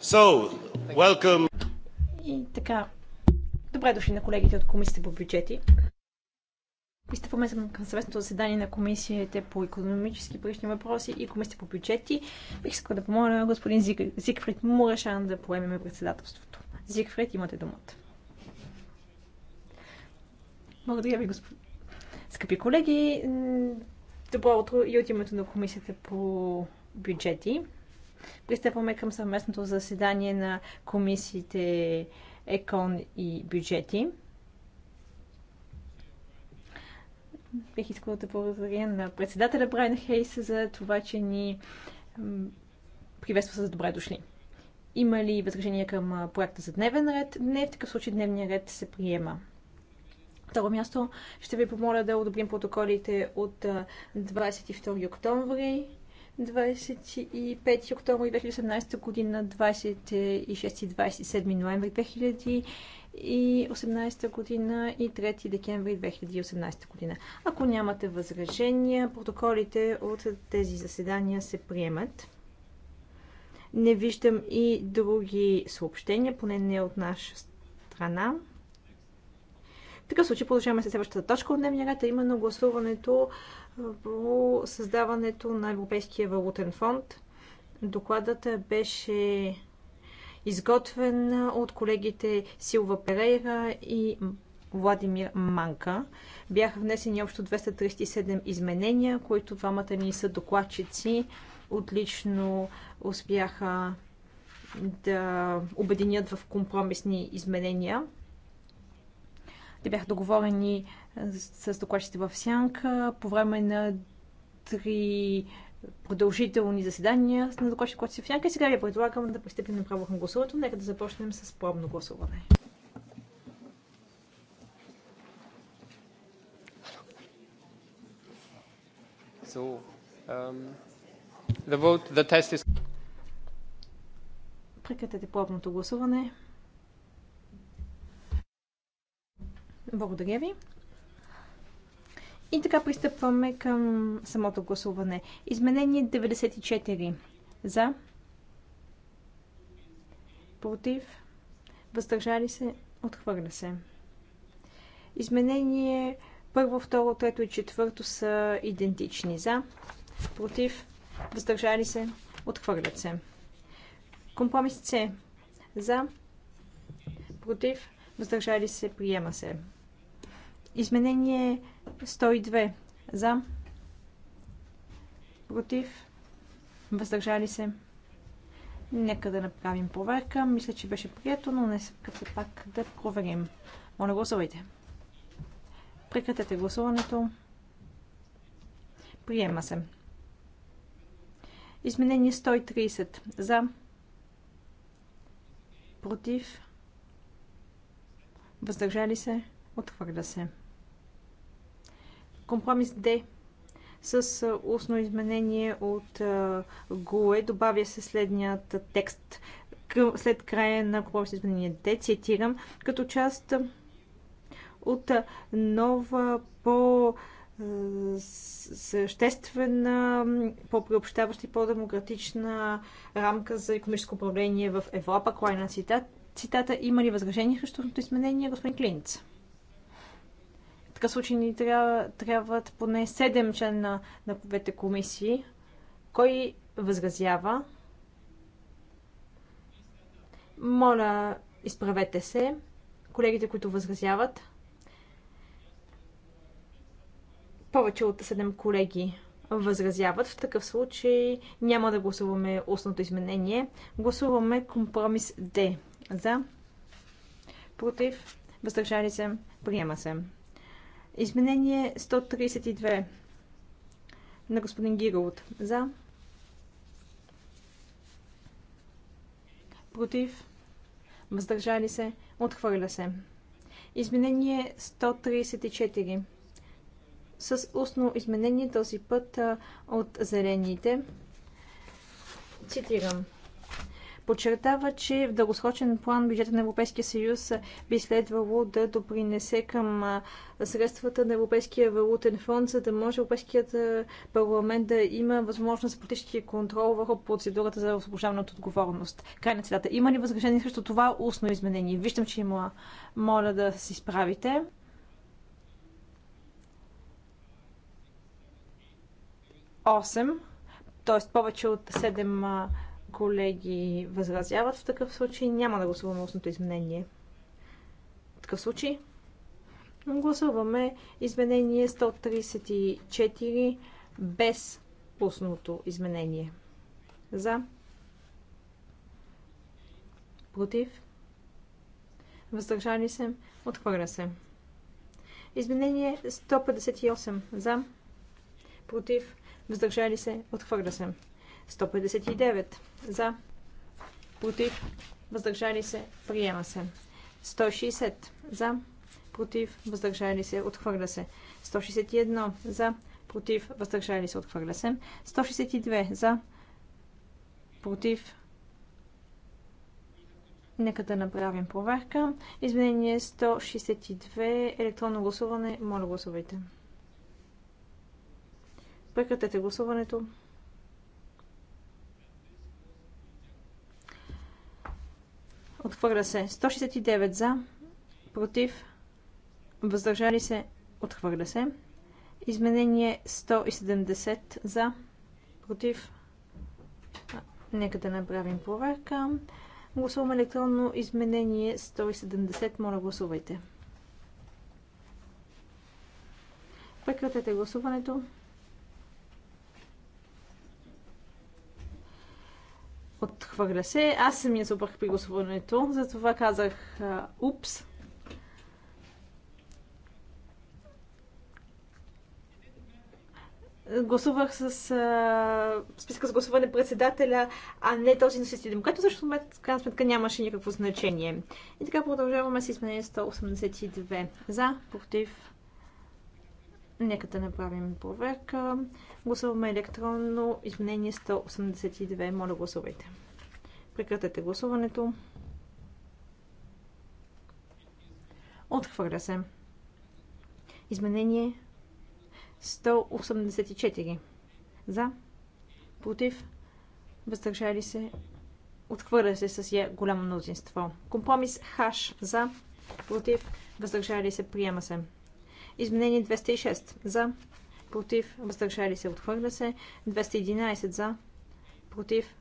So, welcome. И така, добре дошли на колегите от Комисията по бюджети. Пристъпваме към съвестното заседание на Комисията по економически парични въпроси и Комисията по бюджети. Бих искал да помоля господин Зиг... Зигфрид Мурашан да поемеме председателството. Зигфрид, имате думата. Благодаря ви, господин. Скъпи колеги, добро утро и от името на Комисията по бюджети. Пристъпваме към съвместното заседание на комисиите ЕКОН и бюджети. Бих искала да благодаря на председателя Брайан Хейс за това, че ни приветства с добре дошли. Има ли възражения към проекта за дневен ред? Не, в такъв случай дневния ред се приема. Второ място ще ви помоля да одобрим протоколите от 22 октомври 25 октомври 2018 година, 26 и 27 ноември 2018 година и 3 декември 2018 година. Ако нямате възражения, протоколите от тези заседания се приемат. Не виждам и други съобщения, поне не от наша страна. В такъв случай продължаваме с следващата точка от дневния ред, а именно гласуването по създаването на Европейския валутен фонд. Докладът беше изготвен от колегите Силва Перейра и Владимир Манка. Бяха внесени общо 237 изменения, които двамата ни са докладчици. Отлично успяха да обединят в компромисни изменения. Те бяха договорени с докладчите в сянка по време на три продължителни заседания на докладчите, които си в сянка. И сега ви предлагам да пристъпим направо към гласуването. Нека да започнем с пробно гласуване. So, um, the vote, the test is... Прекратете пробното гласуване. Благодаря ви. И така пристъпваме към самото гласуване. Изменение 94. За. Против. Въздържали се. Отхвърля се. Изменение първо, второ, трето и четвърто са идентични. За. Против. Въздържали се. Отхвърлят се. Компромис С. За. Против. Въздържали се. Приема се. Изменение 102. За. Против. Въздържали се. Нека да направим проверка. Мисля, че беше прието, но не се пак да проверим. Моля, гласувайте. Прекратете гласуването. Приема се. Изменение 130. За. Против. Въздържали се. Отхвърля се. Компромис D с устно изменение от ГУЕ добавя се следният текст след края на компромис изменение D, цитирам, като част от нова по съществена, по-приобщаваща и по-демократична рамка за економическо управление в Европа. Край на цитата. Има ли възражение срещу изменение, господин Клиница? така случай ни трябва, трябват поне 7 члена на двете комисии. Кой възразява? Моля, изправете се. Колегите, които възразяват. Повече от 7 колеги възразяват. В такъв случай няма да гласуваме устното изменение. Гласуваме компромис Д. За. Против. Въздържали се. Приема се. Изменение 132 на господин Гигалот. За. Против. Въздържали се. Отхвърля се. Изменение 134. С устно изменение този път от зелените. Цитирам подчертава, че в дългосрочен план бюджета на Европейския съюз би следвало да допринесе към средствата на Европейския валутен фонд, за да може Европейският парламент да има възможност за политически контрол върху процедурата за освобождаване от отговорност. Край на цитата. Има ли възражение срещу това устно изменение? Виждам, че има. Моля да се справите. Осем т.е. повече от 7 колеги възразяват, в такъв случай няма да гласуваме устното изменение. В такъв случай гласуваме изменение 134 без устното изменение. За. Против. Въздържали се. Отхвърля се. Изменение 158. За. Против. Въздържали се. Отхвърля се. 159 за, против, въздържали се, приема се. 160 за, против, въздържали се, отхвърля се. 161 за, против, въздържали се, отхвърля се. 162 за, против. Нека да направим проверка. Изменение 162, електронно гласуване. Моля гласувайте. Прекратете гласуването. Отхвърля се. 169 за. Против. Въздържали се. Отхвърля се. Изменение 170 за. Против. Нека да направим проверка. Гласуваме електронно изменение 170. Моля, гласувайте. Прекратете гласуването. Отхвърля се. Аз самия я забрах при гласуването, затова казах упс. Гласувах с а, списка с гласуване председателя, а не този на систем, което в крайна сметка нямаше никакво значение. И така продължаваме с изменение 182. За, против, Нека да направим проверка. Гласуваме електронно изменение 182. Моля гласувайте. Прекратете гласуването. Отхвърля се. Изменение 184. За. Против. Въздържали се. Отхвърля се с голямо мнозинство. Компромис Хаш. За. Против. Въздържали се. Приема се. Изменение 206 за, против, въздържали се, отхвърля се. 211 за, против.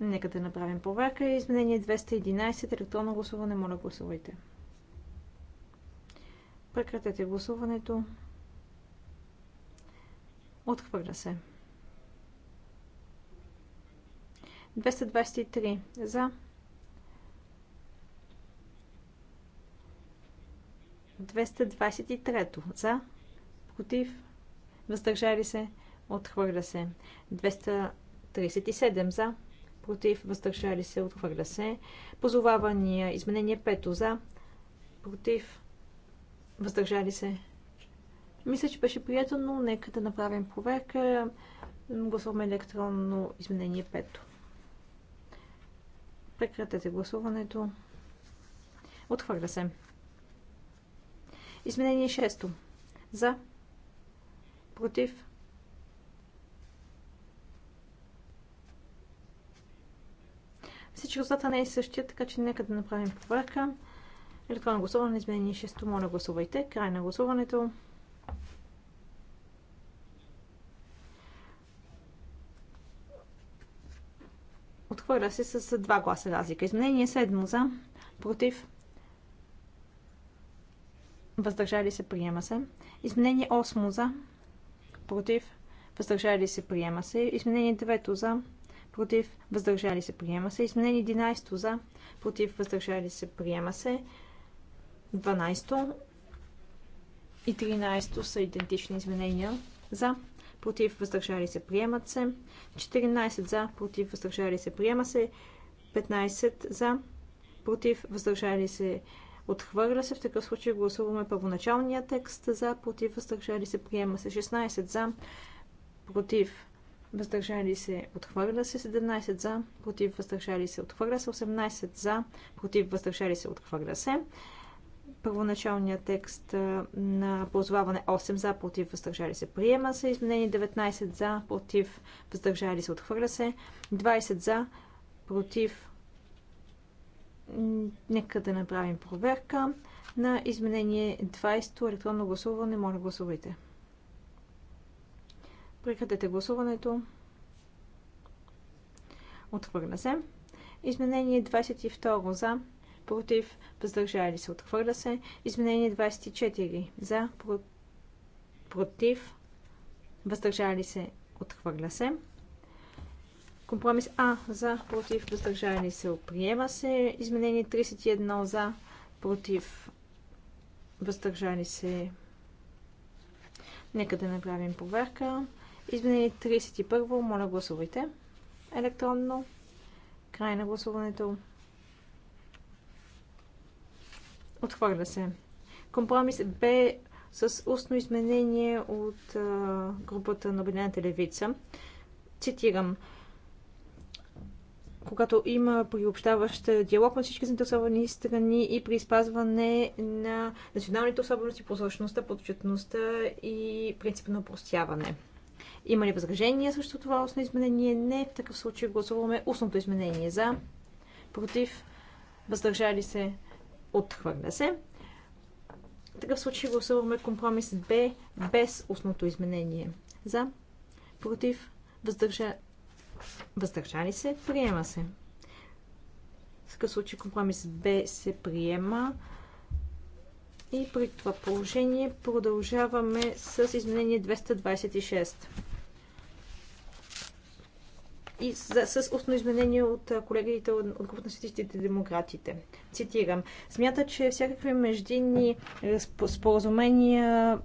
Нека да направим проверка. Изменение 211, електронно гласуване, моля гласувайте. Прекратете гласуването. Отхвърля се. 223 за, 223 за, против, въздържали се, отхвърля се. 237 за, против, въздържали се, отхвърля се. Позовавания, изменение 5 за, против, въздържали се. Мисля, че беше приятно, но нека да направим проверка. Гласуваме електронно изменение 5. Прекратете гласуването. Отхвърля се. Изменение 6. За. Против. Всички резултата не е същия, така че нека да направим проверка. Електронно гласуване изменение 6. Моля гласувайте. Край на гласуването. Отхвърля се с 2 гласа разлика. Изменение 7 за. Против въздържали се, приема се. Изменение 8 за, против, въздържали се, приема се. Изменение 9 за, против, въздържали се, приема се. Изменение 11 за, против, въздържали се, приема се. 12 и 13 са идентични изменения за, против, въздържали се, приемат се. 14 за, против, въздържали се, приема се. 15 за, против, въздържали се, приема се Отхвърля се. В такъв случай гласуваме първоначалния текст за, против, въздържали се, приема се 16 за, против, въздържали се, отхвърля се 17 за, против, въздържали се, отхвърля се 18 за, против, въздържали се, отхвърля се. Първоначалният текст на ползваване 8 за, против, въздържали се, приема се. Изменени 19 за, против, въздържали се, отхвърля се. 20 за, против, Нека да направим проверка на изменение 20 електронно гласуване. Моля гласувайте. Прекратете гласуването. Отхвърля се. Изменение 22 за, против, въздържали се. Отхвърля се. Изменение 24 за, против, въздържали се. Отхвърля се. Компромис А за, против, въздържали се, приема се. Изменение 31 за, против, въздържани се. Нека да направим проверка. Изменение 31. Моля гласувайте. Електронно. Край на гласуването. Отхвърля се. Компромис Б с устно изменение от групата на Обединената левица. Цитирам когато има приобщаващ диалог на всички заинтересовани страни и при спазване на националните особености, прозрачността, подчетността и принципа на простяване. Има ли възражения срещу това устно изменение? Не. В такъв случай гласуваме устното изменение за, против, въздържали се, отхвърля се. В такъв случай гласуваме компромис Б без устното изменение. За, против, въздържа, въздържали се, приема се. В такъв случай компромис Б се приема. И при това положение продължаваме с изменение 226. И с, с устно изменение от колегите от, от групата на светистите демократите. Цитирам. Смята, че всякакви междинни споразумения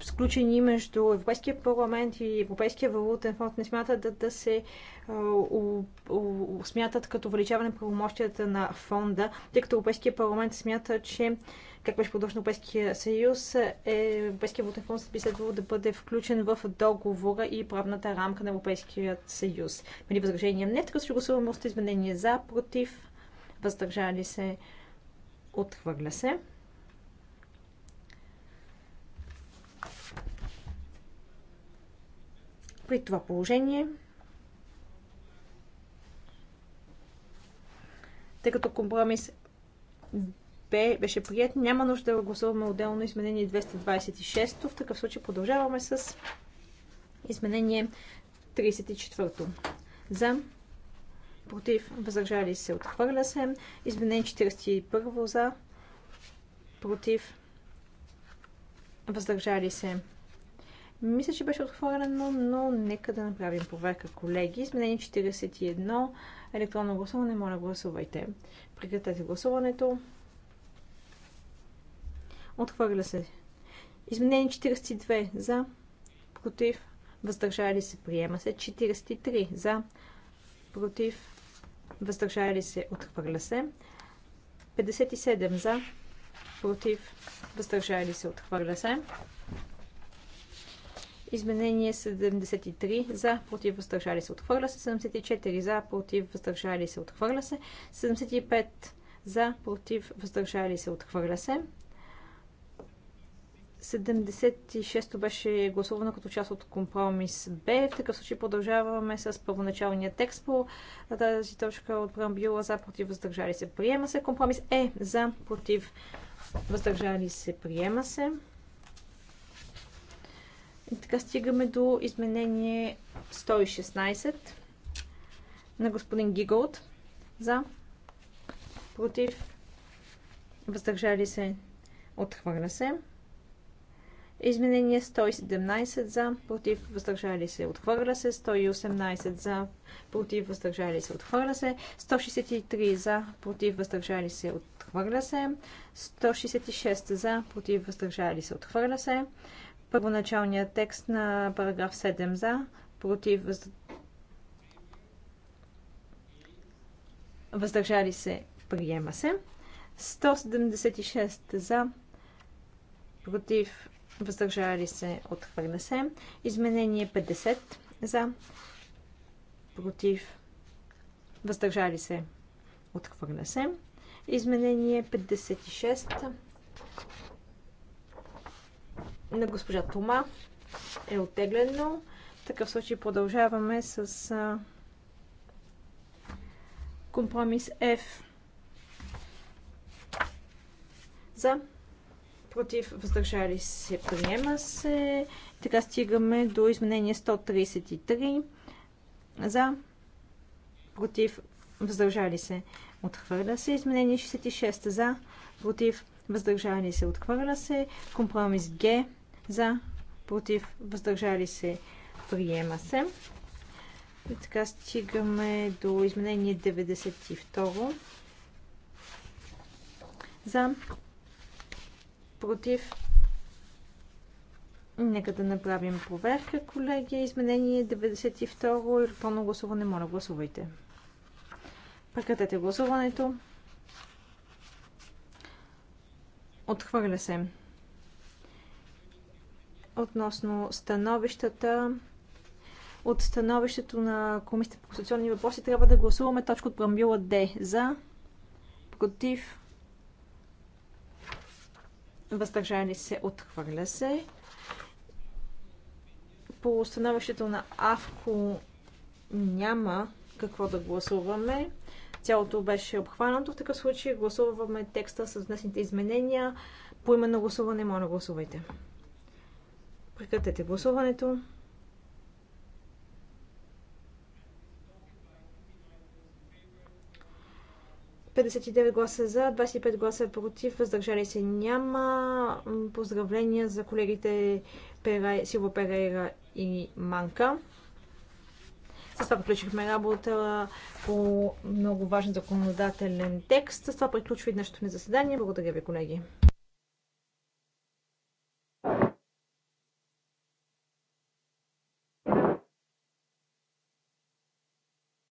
сключени между Европейския парламент и Европейския валутен фонд не смятат да, да се у, у, смятат като увеличаване правомощията на фонда, тъй като Европейския парламент смята, че как беше подложен Европейския съюз, е, Европейския валутен фонд би следвало да бъде включен в договора и правната рамка на Европейския съюз. Мили възражения не, така ще гласуваме още изменение за, против, въздържали се, отхвърля се. При това положение, тъй като компромис Б беше прият, няма нужда да гласуваме отделно изменение 226. В такъв случай продължаваме с изменение 34. За против, въздържали се, отхвърля се. Изменение 41 за, против, въздържали се, мисля, че беше отворено, но нека да направим проверка, колеги. Изменение 41. Електронно гласуване. Моля, гласувайте. Прекратете гласуването. Отхвърля се. Изменение 42. За. Против. Въздържали се. Приема се. 43. За. Против. Въздържали се. Отхвърля се. 57. За. Против. Въздържали се. Отхвърля се. Изменение 73 за, против, въздържали се, отхвърля се. 74 за, против, въздържали се, отхвърля се. 75 за, против, въздържали се, отхвърля се. 76-то беше гласувано като част от компромис Б. В такъв случай продължаваме с първоначалния текст по тази точка от преамбюла за против въздържали се. Приема се. Компромис Е за против въздържали се. Приема се. И така стигаме до изменение 116 на господин Гиголд. За, против, въздържали се, отхвърля се. Изменение 117 за, против, въздържали се, отхвърля се. 118 за, против, въздържали се, отхвърля се. 163 за, против, въздържали се, отхвърля се. 166 за, против, въздържали се, отхвърля се. Първоначалния текст на параграф 7 за, против, въздържали се, приема се. 176 за, против, въздържали се, отхвърля се. Изменение 50 за, против, въздържали се, отхвърля се. Изменение 56 на госпожа Тома е отеглено. В такъв случай продължаваме с а, компромис F за против въздържали се приема се. Така стигаме до изменение 133 за против въздържали се отхвърля се. Изменение 66 за против въздържали се отхвърля се. Компромис Г за, против, въздържали се, приема се. И така стигаме до изменение 92. За, против, Нека да направим проверка, колеги. Изменение 92. Електронно гласуване. Моля, гласувайте. Прекратете гласуването. Отхвърля се относно становищата. От становището на Комисията по конституционни въпроси трябва да гласуваме точка от прамбила Д. За, против, въздържали се, отхвърля се. По становището на АВКО няма какво да гласуваме. Цялото беше обхванато. В такъв случай гласуваме текста с внесените изменения. По именно гласуване, моля гласувайте. Прекратете гласуването. Петдесет гласа за, 25 гласа против, въздържали се няма. Поздравления за колегите Сиво Силва Перейра и Манка. С това приключихме работа по много важен законодателен текст. С това приключва и днешното ни заседание. Благодаря ви, колеги.